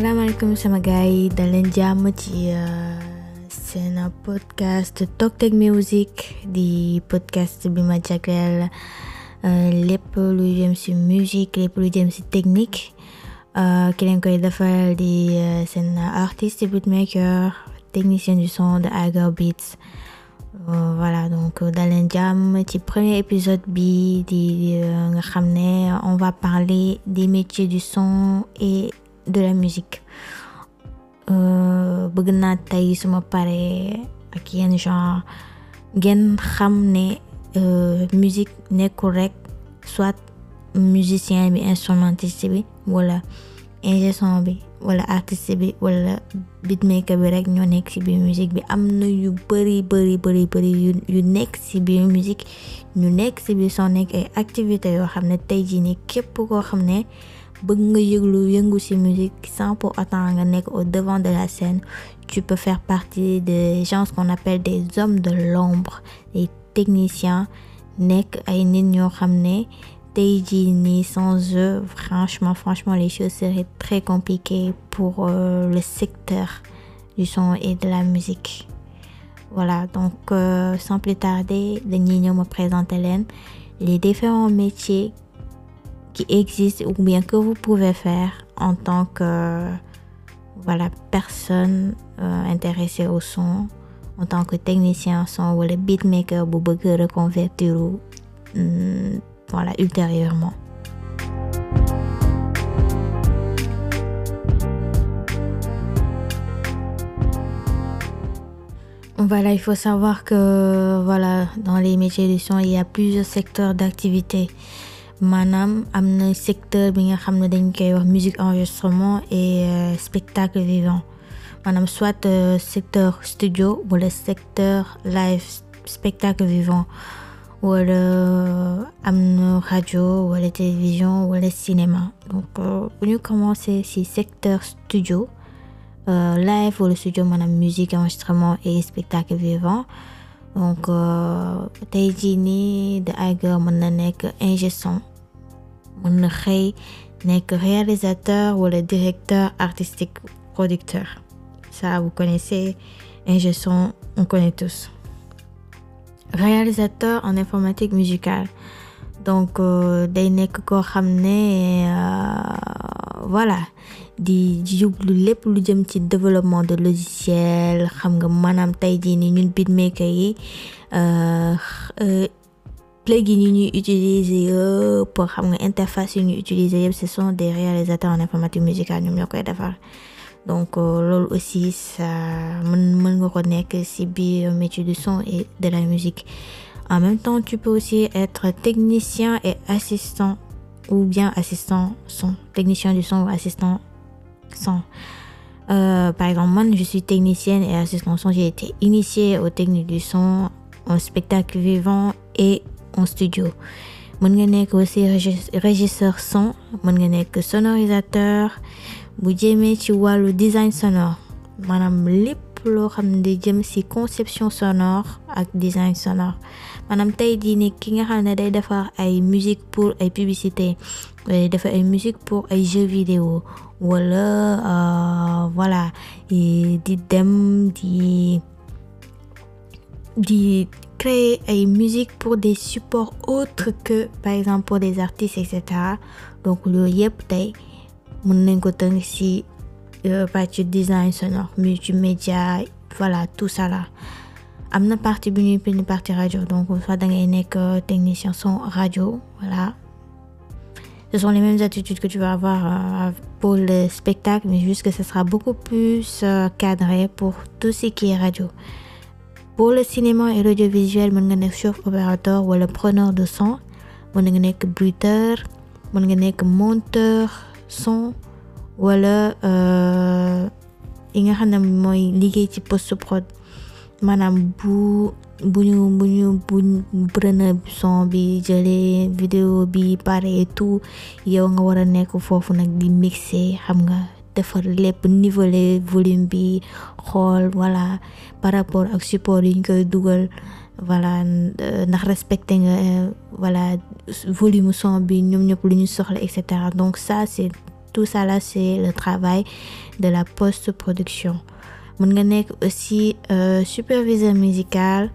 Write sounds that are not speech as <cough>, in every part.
asalaamaaleykum sama gars yi dal leen jàmm ci seen podcast Tok Tek Music di podcast bi ma jagleel eh, lépp lu jëm si musique lépp lu jëm si technique ki leen koy defal di eh, seen artiste beatmaker technicien du son de Agar Beats eh, voilà donc dal leen ci premier épisode bi di nga xam ne on va parler des métiers du son et de la musique eh, bëgg naa tey suma paree ak yenn genre ngeen xam ne eh, musique nekkul rek soit musicien bi instrumentiste bi walla ingé bi wala artiste bi wala beatmaker bi rek ñoo nekk ci biir musique bi am na yu bëri bëri ci biir musique ñu nekk ci biir son nekk ay activité yoo xam ne tey jii ni képp koo xam ne bëgg nga yëglu yëngu ci musique sans pour autant nga nekk au devant de la scène tu peux faire partie des gens qu'on appelle des hommes de l'ombre des techniciens nekk ay nit ñoo xam ne tey jii nii sans eux franchement franchement les choses seraient très compliquées pour euh, le secteur du son et de la musique voilà donc euh, sans plus tarder dañuy ñëw ma présenter leen les différents métiers qui existe ou bien que vous pouvez faire en tant que voilà, personne euh, intéressée au son, en tant que technicien en son ou le beatmaker vous pouvez ou, hmm, voilà, ultérieurement. Voilà, il faut savoir que voilà, dans les métiers du son, il y a plusieurs secteurs d'activité. maanaam am na secteur bi nga xam ne dañ koy wax musique enregistrement et euh, spectacle vivant maanaam soit euh, secteur studio wala secteur live spectacle vivant wala euh, am na rajo wala télévision wala cinéma donc bu ñu commencé ci secteur studio live wala studio maanaam musique enregistrement et spectacle vivant donc te jii nii de ay mën na nekk ingé mën na xëy nekk réalisateur wala directeur artistique producteur ça vous connaissez ingé son on connaît tous réalisateur en informatique musicale donc euh, day nekk koo xam ne euh, voilà di jublu lépp lu jëm ci développement de logiciel xam nga maanaam tey jii ni ñun beatmaker yi euh, léegi ñi ñuy utiliser yëpp xam nga interface yi ñuy utiliser yëpp ce sont des réalisateurs en informatique musicale ñoom ñoo koy defar donc euh, loolu aussi ça mën mën nga ko nekk ci biir métier du son et de la musique en même temps tu peux aussi être technicien et assistant ou bien assistant son technicien du son ou assistant son euh, par exemple moi je suis technicienne et assistant son j'ai été initiée aux techniques du son en spectacle vivant et en studio mën nga nekk aussi régisseur son mën nga nekk sonorisateur bu jëmee ci wàllu design sonore maanaam lépp loo xam ne di jëm si conception sonore ak design sonore maanaam tey jii ni ki nga xam ne day defar ay musique pour ay publicité day ay musique pour ay jeux vidéo wala euh, voilà di dem di di créer une musique pour des supports autres que par exemple pour des artistes etc donc loolu yëpp tey mën nañ ko tënk si euh, partie design sonore multimédia voilà tout ça là am na partie bu ñuy bind partie radio donc soit da ngay nekk euh, technicien son radio voilà ce sont les mêmes attitudes que tu vas avoir euh, pour le spectacle mais juste que ce sera beaucoup plus cadré pour tout ce qui est radio pour le cinéma et l'audiovisuel mën nga nekk chef opérateur wala preneur de son mën nga nekk bruiteur mën nga nekk monteur son wala euh, yi nga xam ne mooy liggéey ci post prod maanaam bu bu ñu bu ñu bu preneur bi jëlee vidéo bi pare et yow nga war a nekk foofu nag di mixer xam nga defar lépp niveler volume bi xool voilà par rapport ak support yi ñu koy dugal voilà euh, ndax respecté nga euh, voilà volume son bi ñoom ñëpp lu ñu soxla et cetera donc ça c'est tout ça là c'est le travail de la post-production mën nga nekk aussi euh, superviseur musical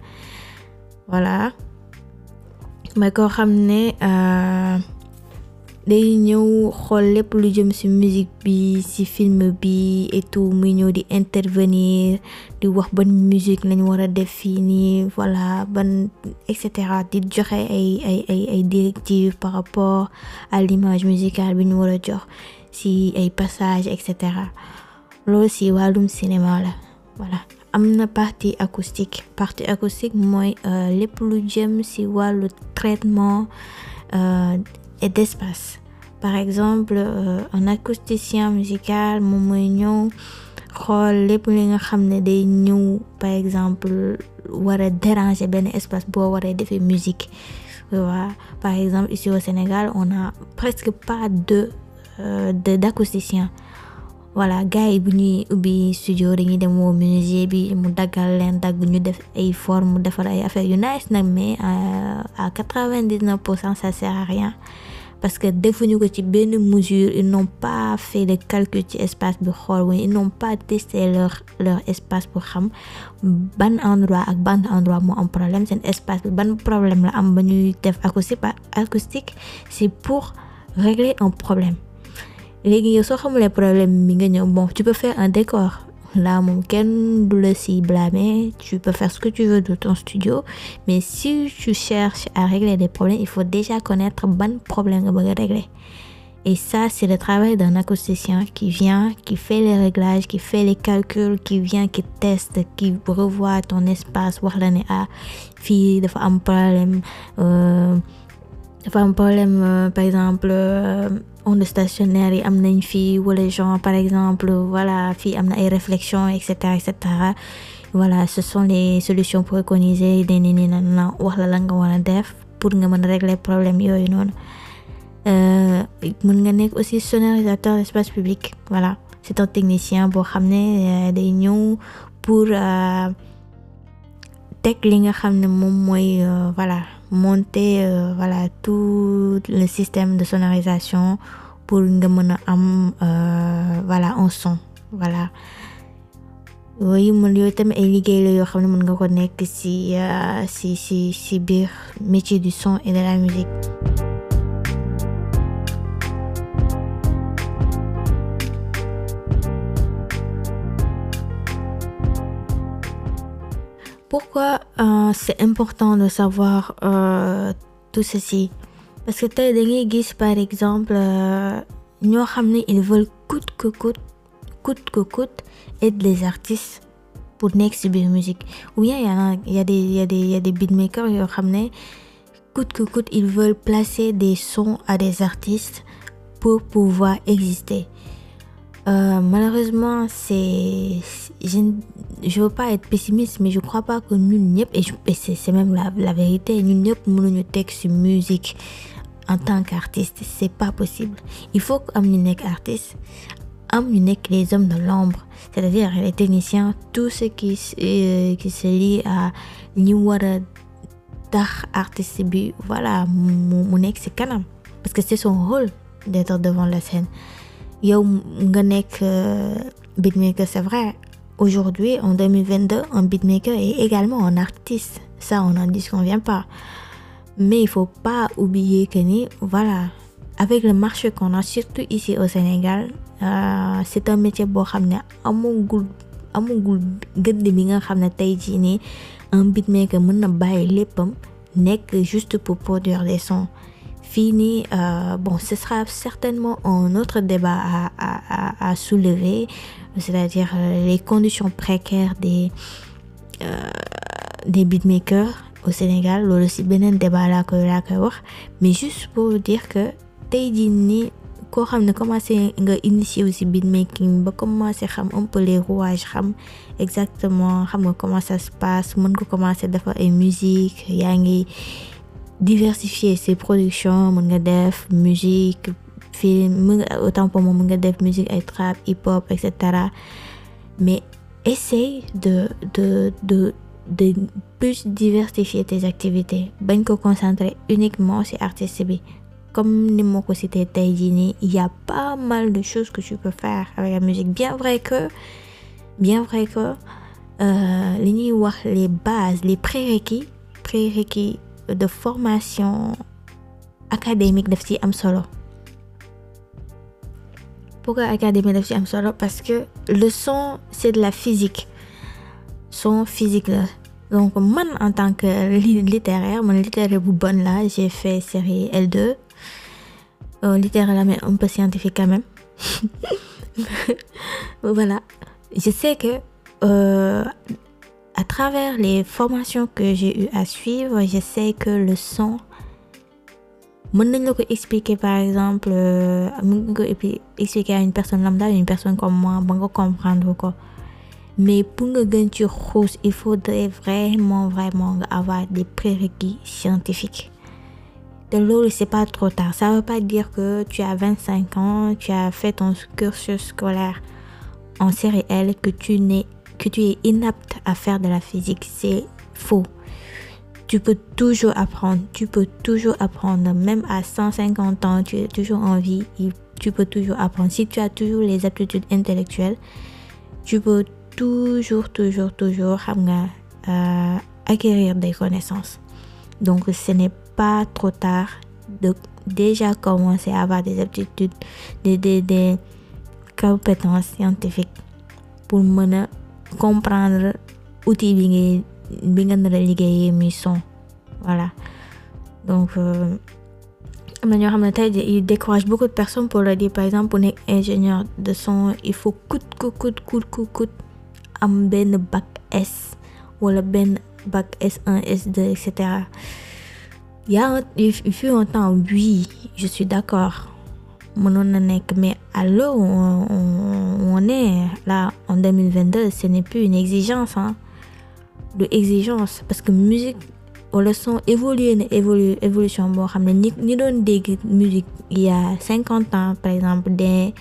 voilà mais koo ne day ñëw xool lépp lu jëm si musique bi si film bi et tout muy ñëw di intervenir di wax ban musique lañ war a def fii nii voilà ban et cetera di joxe ay ay ay ay directives par rapport à l'image bi ñu war a jox ci ay passages et cetera loolu ci wàllum cinéma la voilà am na partie acoustique partie acoustique mooy euh, lépp lu jëm si wàllu traitement. Euh, et d'espace. Par exemple euh, un acousticien musical moom mooy ñëw xool lépp li nga xam ne day ñëw par exemple war a déranger benn espace boo waree defee musique voilà par exemple ici au Sénégal on a presque pas de euh, de d'acousticien voilà gars yi bu ñuy ubbi studio dañuy dem woo menuisier bi mu daggal leen dagg ñu def ay forme defar ay affaire yu nice nag mais euh, à quatre-vingt-dix-neuf pour cent ça sert rien parce que ñu ko ci benn mesure ils n'ont pas fait de calcul ci espace bi xool wu ils n'ont pas testé leur leur espace bu xam ban endroit ak ban endroit moo am problème seen espace bi ban problème la am ba ñuy def acoustique acoustique c'est pour régler un problème léegi yow soo xamulee problème mi nga ñëw bon tu peux faire un décor Là, mon Ken le s'y blâmer, tu peux faire ce que tu veux de ton studio, mais si tu cherches à régler des problèmes, il faut déjà connaître bon problème à régler. Et ça, c'est le travail d'un acousticien qui vient, qui fait les réglages, qui fait les calculs, qui vient, qui teste, qui revoit ton espace, voir l'année A, fille, des fois un problème. Euh, dafa am problème euh, par exemple euh, ondes stationnaires yi am nañ fii wala genre par exemple wala fii am na ay réflexions et cetera et cetera voilà ce sont les solutions préconisées de ni ni na wax la la nga def pour nga mën a régler problème yooyu noonu euh, mën nga nekk aussi sonorisateur d'espace public voilà c'est un technicien boo xam ne day ñëw pour teg li nga xam ne moom mooy voilà monter euh, voilà tout le système de sonorisation pour nga mën a am euh, voilà un son voilà yooyu mën yooyu tamit ay liggéey yoo xam ne mën nga ko nekk si euh, si si si biir métier du son et de la musique pourquoi euh, c'est important de savoir euh, tout ceci Parce que tey dañuy gis par exemple euh, ñoo xam ne ils veulent coûte que coûte coûte que des artistes pour nekk si biir musique ou bien y a y a des y a des yoo xam ne coûte que coûte ils veulent placer des sons à des artistes pour pouvoir exister Euh, malheureusement, c'est, je ne veux pas être pessimiste, mais je crois pas que ñun ñëpp et, et c'est même la, la vérité ñun ñëpp mënuñu teg ci musique en tant qu'artiste c'est pas possible il faut que am ñu nekk artiste am ñu nekk les hommes de l'ombre c'est-à-dire les techniciens tout ce qui euh, qui se lie à ñi war a tax artiste bi voilà mu mu nekk ci kanam parce que c'est son rôle d'être devant la scène yow nga nekk euh, beatmaker c'est vrai aujourd'hui en 2022 un beatmaker est également un artiste ça on n'en disconvient pas mais il faut pas oublier que ni voilà avec le marché qu'on a surtout ici au Sénégal euh, c'est un métier boo xam ne amagul amagul gëdd bi nga xam ne tey jii nii un beatmaker mën na bàyyi léppam nekk juste pour produire des sons fini. Euh, bon, ce sera certainement un autre débat à, à, à, à soulever, c'est-à-dire euh, les conditions précaires des, euh, des beatmakers au Sénégal. loolu si beneen débat laa koy laa koy wax mais juste pour dire que tey jii nii koo xam ne commencé nga initié wu si beatmaking ba commencé xam un peu les rouages xam exactement xam nga comment ça se passe mën ko commencé dafa ay musique yaa ngi. diversifier ses productions mën nga def musique film autant pour moi nga def musique ay trap hip hop et mais essaye de de de diversifier tes activités bañ ko concentrer uniquement ci artiste bi comme ni ma ko cité tey jii nii il y a pas mal de choses que tu peux faire avec la musique bien vrai que euh, li ñuy wax les bases les prérequis prérequis de formation académique daf ci am solo pourquoi académie daf ci am solo parce que le son c'est de la physique son physique la donc man en tant que littéraire man littéraire bu bon la j'ai fait série L2 euh, littéraire la mais un peu scientifique quand même <laughs> voilà je sais que euh, à travers les formations que j'ai eu à suivre, je sais que le son mën nañ la ko expliquer par exemple euh, mën nga ko expliquer à une personne lambda une personne comme moi ba nga comprendre ko mais pour nga gën ci xuus il faudrait vraiment vraiment nga avoir des prérequis scientifiques te loolu c'est pas trop tard ça veut pas dire que tu as vingt cinq ans tu as fait ton cursus scolaire en série L que tu n'es que tu es inapte à faire de la physique, c'est faux. Tu peux toujours apprendre, tu peux toujours apprendre, même à 150 ans, tu es toujours en et tu peux toujours apprendre. Si tu as toujours les aptitudes intellectuelles, tu peux toujours, toujours, toujours euh, acquérir des connaissances. Donc ce n'est pas trop tard de déjà commencer à avoir des aptitudes, des, des, des compétences scientifiques comprendre outil bi ngay bi nga nar mission voilà donc euh, am na ñoo xam ne tey il décourage beaucoup de personnes pour leur dire par exemple pour nekk ingénieur de son il faut coûte que coûte coûte que coûte am benn bac S wala benn bac S1 S2 et cetera il y a un temps oui je suis d'accord mënoon na nekk mais à l'heure où on est là en 2022 ce n'est plus une exigence hein du exigence parce que musique wala son évolué na évolu évolution boo xam ne ñi ñi doon dégg musique il y a cinquante ans par exemple de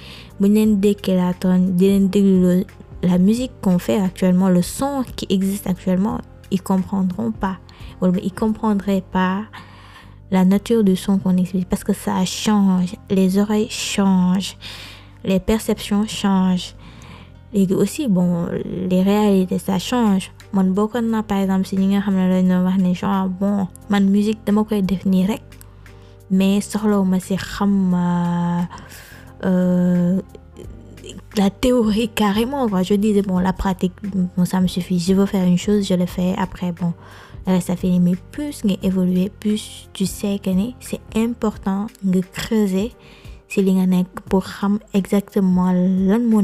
bu ñu leen dékkee la tonne di leen déglu la musique qu'on fait actuellement le son qui existe actuellement ils comprendront pas wala ils pas la nature du son qu'on explique parce que ça change, les oreilles changent, les perceptions changent. Et aussi, bon, les réalités, ça change. man bokkoon naa par exemple si ñi nga xam ne dañ doon wax ne genre bon man musique dama koy def nii rek mais soxlawu ma si xam euh, euh, la théorie carrément quoi je disais bon la pratique bon ça me suffit je veux faire une chose je le fais après bon dara euh, safee évoluer plus tu sais que ni c'est important nga creuser si li nga nekk pour xam exactement lan moo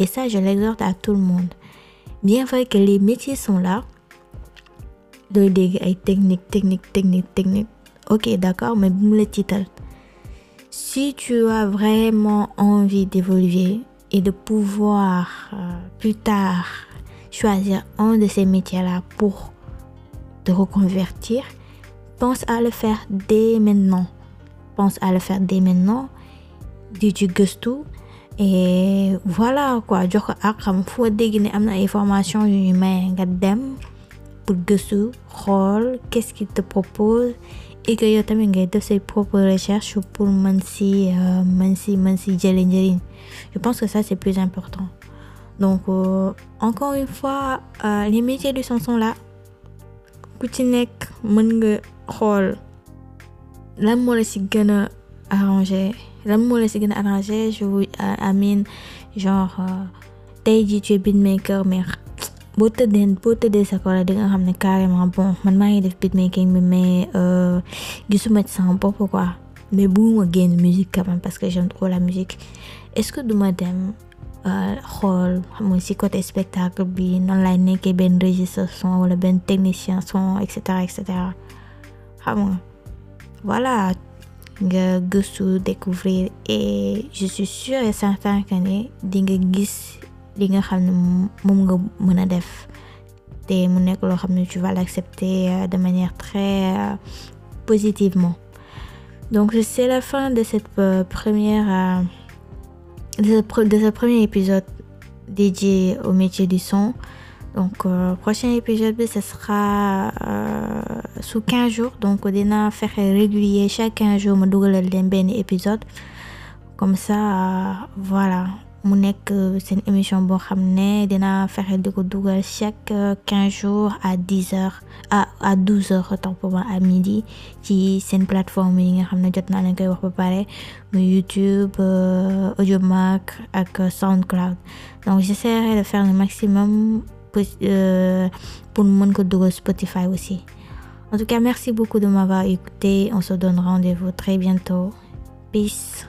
et ça je l'exhorte à tout le monde bien que les métiers sont là dooy dégg ay technique technique technique technique ok d'accord mais bu mu la si tu as vraiment envie d'évoluer et de pouvoir euh, plus tard choisir un de ces métiers-là pour te reconvertir, pense à le faire dès maintenant. Pense à le faire dès maintenant. di ci gëstu et voilà quoi jox ko ak xam foo dégg ne am na ay formation yu ñu maye nga dem pour xool qu'est-ce qu'il te propose et que yow tamit ngay de say propres recherches pour mën si euh, mën si mën si jële njëriñ je pense que ça c'est plus important donc euh, encore une fois euh, les métiers du son là ku ci nekk mën nga xool lan moo si gën a arrangé lan moo si gën a arrangé je vous euh, genre euh, tey jii tu es beatmaker mais boo tëddee boo tëddee sa kola di nga xam ne carrément bon man maa ngi def beatmaking bi mais euh, gisuma ci sama bopp quoi mais bugguma génn musique quand même parce que j'aime trop la musique est-ce que duma dem xool xam nga si côté spectacle bi noonu lay nekkee benn régisseur son wala benn technicien son et cetera et xam nga ah voilà nga gëstu découvrir et je suis sûre et certain que dinga gis li nga xam ne moom nga mën a def te mu nekk loo xam ne tu vas l'accepter euh, de manière très euh, positivement donc c'est la fin de cette euh, première de ce premier épisode dédié au métier du son. Donc, euh, prochain épisode bi ce sera euh, sous jours donc dina fexe régulier chaque 15 jours ma dugalal leen benn épisode comme ça euh, voilà mu nekk seen émission boo xam ne dinaa fexe di ko dugal chaque euh, quinze jours à dix heures à à douze heures autant pour moi à midi ci seen plateforme yi nga xam ne jot naa leen koy wax ba pare mu YouTube euh, Audiomack ak euh, SoundCloud donc j'essaierai de faire le maximum pour pour mën ko dugal Spotify aussi en tout cas merci beaucoup de m'avoir écouté on se donne rendez-vous très bientôt peace